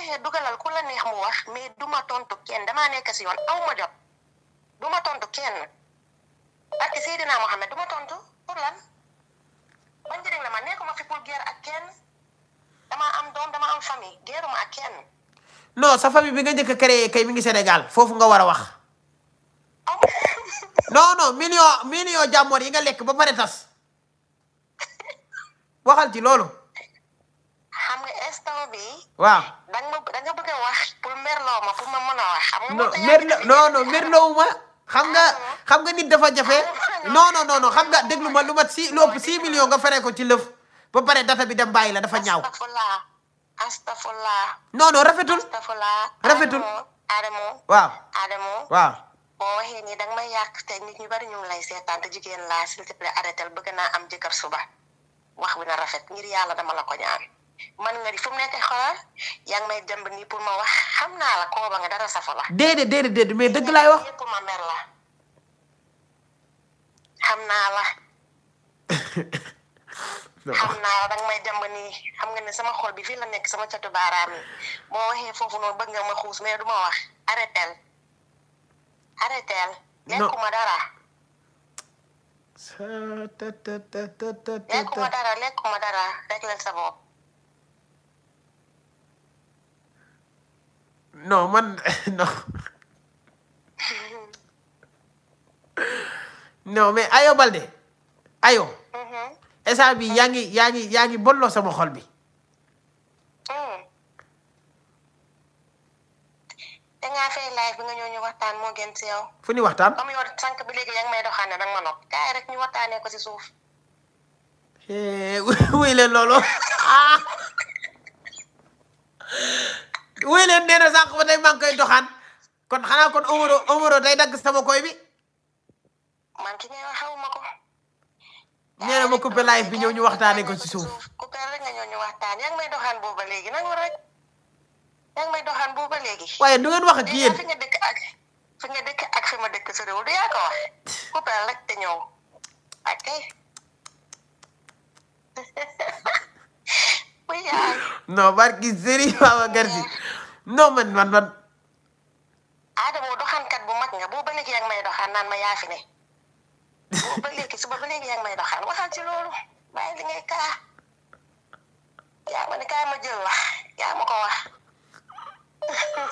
neexee dugalal ku la neex mu wax mais du ma tontu kenn damaa nekk si yoon aw ma jot du ma tontu kenn parce que Seydina Mohamed du ma tontu pour lan ban njëriñ la ma nekkuma fi pour guerre ak kenn damaa am doom dama am famille guerre ma ak kenn. non sa famille bi nga njëkk a créé kay mi ngi Sénégal foofu nga war a wax. non non million million jàmmoor yi nga lekk ba pare tas waxal ci loolu. xam nga instant bi waaw da nga ma da nga bëgg a wax pour merloo ma pour ma mën a wax. xam nga non merlo non non merloo xam nga ah, ah. xam nga nit dafa jafe. Ah, non non non xam nga déglu ma lu mat si lu ëpp 6 nga feree ko ci lëf. ba pare dafa bi dem bàyyi la dafa ñaaw. astafurlah astafurlah. non rafetul. astafurlah rafetul. Adamo waaw Adamo waaw. boo waxee nii may yàq te nit ñu bari ñu lay seetaan te laa s'il te plaît arrêtel naa am jëkkër suba wax bi na rafet ngir yàlla dama la ko man nga di fu mu nekk xoolal yaa may jëmb nii pour ma xam naa la kooba nga dara safa la. déedéet déedéet déedéet mais la xam naa la. naa danga may jëmb nii xam nga ne sama xol bi fii la nekk sama catu baaraam yi boo waxee foofu noonu bëgg nga ma xuus mais du ma wax arrêtel arrêtel. non lekkuma dara. lekkuma dara lekkuma dara rek leen sa bopp. non man non non mais Ayo Balde Ayo. instant mm-hmm. bi yaa ngi yaa ngi yaa ngi bolloo sama xol bi. Mm. dangaa fay live bi nga ñëw ñu waxtaan moo gën ci fu ñu waxtaan. comme yow rek ñu waxtaanee ko ci suuf. Eh, wuy leen loolu. Ah. wuy leen nee na sànq ba tey maa koy doxaan kon xanaa kon Omaro Omaro day dagg sama koy bi. man ki nee na xaw ma ko. nee na ma coupé live bi ñëw ñu waxtaanee ko ci suuf. coupé rek nga waxtaan yaa ngi may doxaan booba léegi nangu rek yaa ngi may doxaan booba léegi. waaye du ngeen wax ak yéen fi nga dëkk ak fi nga dëkk ak fi ma dëkk yaa ko wax te ñëw ok. non barki sëriñ Babacar Si non man man man. Adamo doxaankat bu mag nga boo ba léegi yaa ngi may doxaan naan ma yaa fi ne. léegi yaa ngi may doxaan waxal ci loolu li ngay kaa yaa ma ne kaa ma jël wax yaa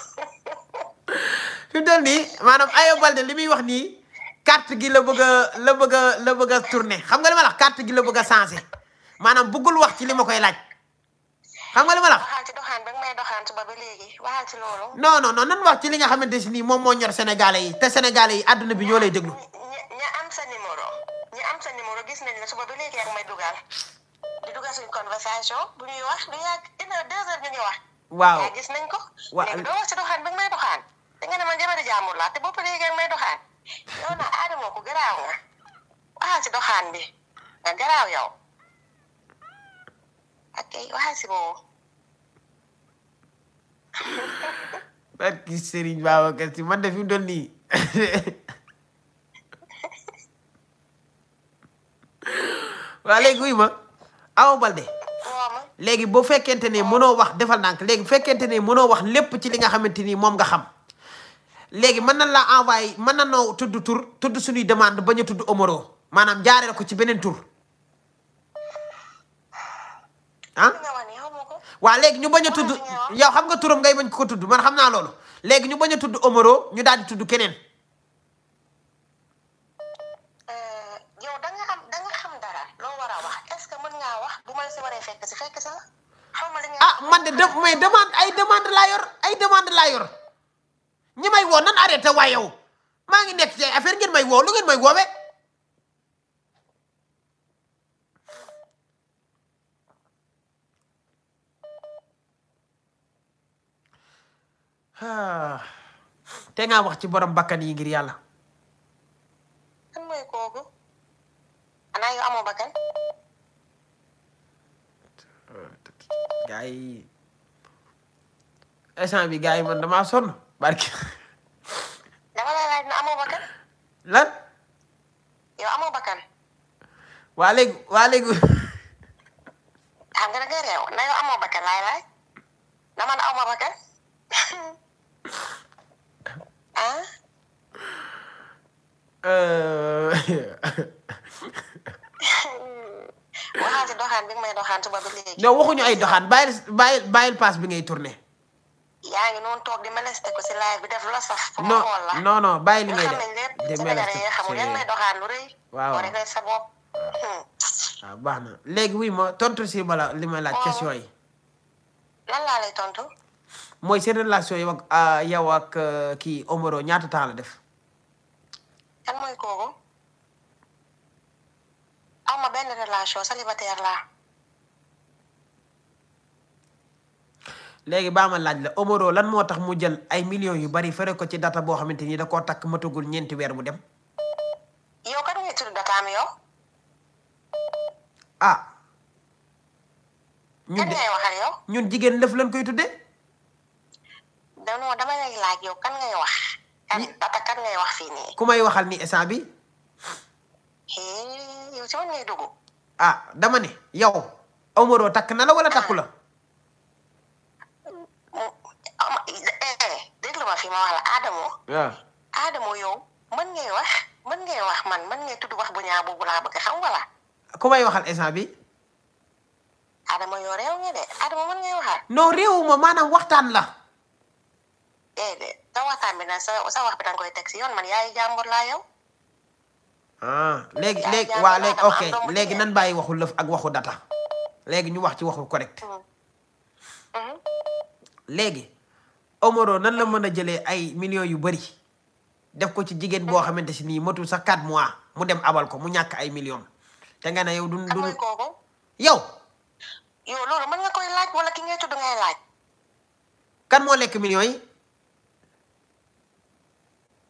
maanaam Ayo Balde li muy wax nii carte gi la bëgg la bëgg a la bëgg a tourné xam nga li ma la gi la bëgg a changé maanaam buggul wax ci li ma koy laaj xam nga li ma may doxantu ba ba léegi waxal ci loolu. non non wax ci li nga xamante si nii moom moo ñor sénégalais yi te sénégalais yi àdduna bi ñoo lay déglu. ñi am sa numéro ñi am sa numéro gis nañ la suba ba léegi ak may dugal di dugal suñu conversation bu ñuy wax a yàgg une heure deux heures ñu ngi wax. waaw yaa ko. waaw léegi doo wax ci doxaan bi nga da nga ne man jabar jaamur laa te bopp léegi ak may doxaan yow na aadamoo ko garaaw nga waxal ci doxaan bi nga garaaw yow ok waxal ci boobu. barki Serigne Babacar Sy man de fi mu doon nii waaw léegi wuy ma Awa Balde léegi bu fekkente ne mënoo wax defal ndànk léegi bu fekkente ne mënoo wax lépp ci li nga xamante ni moom nga xam léegi mën na laa envoyé mën na noo tudd tur tudd suñuy demande bañ a tudd Omaro maanaam jaaree ko ci beneen tur ah waa léegi ñu bañ a tudd yow xam nga turam ngay bañ ko tudd man xam naa loolu léegi ñu bañ a tudd Omaro ñu daal di tudd keneen. Eh, yow da nga am da nga xam dara loo war a wax est ce que mën ngaa wax bu ma la si si fekk si la xaw ma ah man de def may demande ay demande laa yor ay demande laa yor ñi may woo nan arrêté waaye yow maa ngi nekk ci ay affaire ngeen may woo lu ngeen may woowee. te ngaa wax ci borom bakkan yi ngir yàlla. kan mooy kooku xanaa yow amoo bakkan. gaa bi gaa yi man damaa sonn barki. dama la laaj na amoo bakkan. lan. yow amoo bakkan. waa léegi waa léegi. xam nga da nga réew na yow amoo bakkan laay laaj na man aw ma bakkan. Hein Euh. Ah? waxaan si doxaan bi nga may doxaan suba ba léegi. non waxuñu ay doxaan bàyyil bàyyil def la saf. fu mu la li ngay def di meleste xamul yaa ngi laaj oh. question yi. tontu. mooy seen relation yow ak ah, yow ak ah, kii Omaro ñaata temps def. kan mooy kooku am ma benn relation célibataire laa. léegi baa ma laaj la Omaro lan moo tax mu jël ay million yu bari fere ko ci data boo xamante ni da koo takk matagul ñeenti weer bu dem. yow kan ngay dataam yow. ah. ñun ñun jigéen laf lañ koy tuddee. danoo ah. ah, eh, ah, dama laaj yow kan ngay wax. kan wax ku may waxal ni instant dama ne yow. takk na wala takku la. déglu yow mën ngay wax mën ngay wax man mën ngay wax bu ñaaw boobu laa bëgg xam wala. ku may waxal instant bi. Adamo yow réew nga de Adamo mën ngay waxal. non réewu ma waxtaan la. déedéet nga waxtaan sa sa wax koy teg si yoon man yaay laa yow. ah léegi léegi waa léegi léegi nan bàyyi waxu lëf ak waxu data léegi ñu wax ci waxu correct. Mm. Mm-hmm. léegi Omaro nan la mën a jëlee ay millions yu bëri def ko ci jigéen boo xamante si nii matul sax 4 mois mu dem abal ko mu ñàkk ay millions te nga ne yow. du du yow. yow loolu mën nga koy laaj wala ki ngay tudd ngay laaj. kan moo lekk millions yi.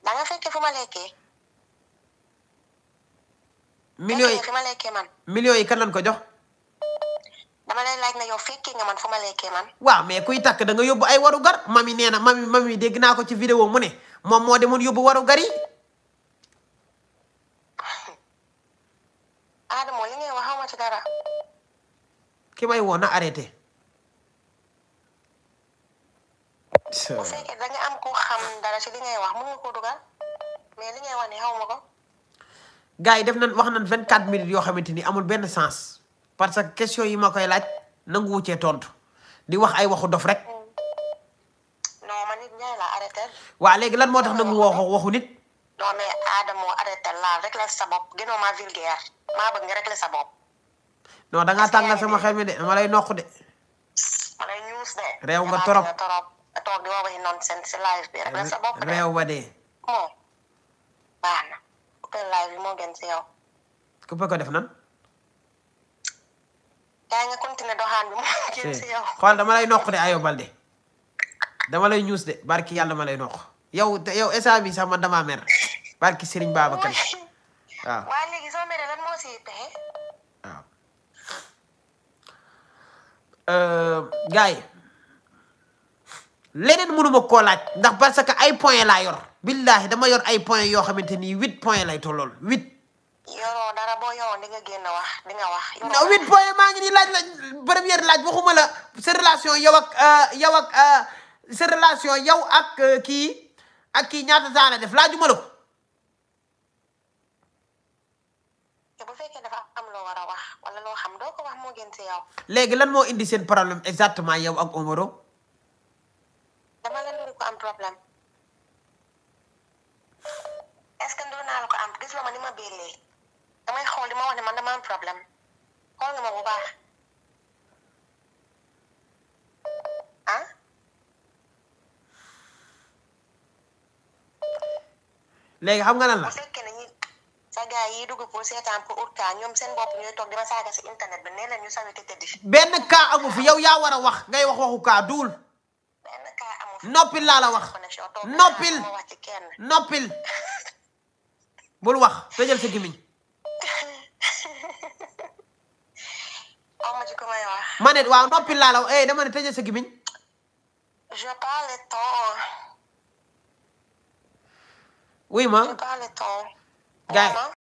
danga fekkee fu ma lekkee. millions yi fi ma lekkee man. yi kan lañ ko jox. dama lay laaj na yow fekkee nga man fu ma lekkee man. waaw mais kuy takk danga yóbbu ay waru gar mami nee na mami mami dégg naa ko ci vidéo mu ne moom moo demoon yóbbu waru gar yi. Adamo li ngay wax xaw ci dara. ki may woo na arrêté. bu nga am ku xam dara ci li ngay wax mën nga koo dugal mais li ngay wax nii xaw ma ko. gars yi def nañ wax nañ vingt quatre minutes yoo xamante ni amul benn sens parce que question yi ma koy laaj nangu wu cee tontu di wax ay waxu dof rek. Mm. non man nit waa léegi lan moo tax nangu woo waxu nit. non mais Adama moo laal rek la sa bopp gënoo maa vulgaire maa bëgg nga rek la sa bopp. non da ngaa tàngal sama xel mi ma lay noq de. ma nga torop. nga toog di ba de. baax na coupé live bi def nan. yaa ngi continué doxaan bi moo dama lay noq de Ayo Balde dama lay ñuus de barki yàlla dama lay noq yow te bi sax man damaa mer barki Serigne Babacar waaw. waaw léegi euh, leneen mënuma koo laaj ndax parce que ay point laa yor billaahi dama yor ay point yoo xamante ni huit point lay tolool huit yoroo dara boo yoroon di nga génn wax di nga wax huit point maa ngi nii laaj la première laaj waxuma la sa relation yow ak euh, yow ak euh, sa relation yow ak euh, kii ak kii ñaata saa def laajuma la ko bu fekkee dafa am loo war a wax wala loo xam doo ko wax moo gën ci yow léegi lan moo indi seen problème exactement yow ak Omaro ku am problème est-ce naa la ko am gis nga ma ni ma bélee damay xool di ma wax ne man dama am problème xool nga ma bu baax ah? léegi xam nga lan la bu fekkee ne ñi sa gars yi dugg pour seetaan pour ut kaa ñoom seen bopp ñooy toog di ma saaga si internet bi nee na ñu sawete tëddi benn kaa amu fi yow yaa war a wax ngay wax waxu kaa duul noppil laa la wax noppil bul wax tëjal sa gémmiñ waaw noppil laa la wax eh dama ne tëjal ma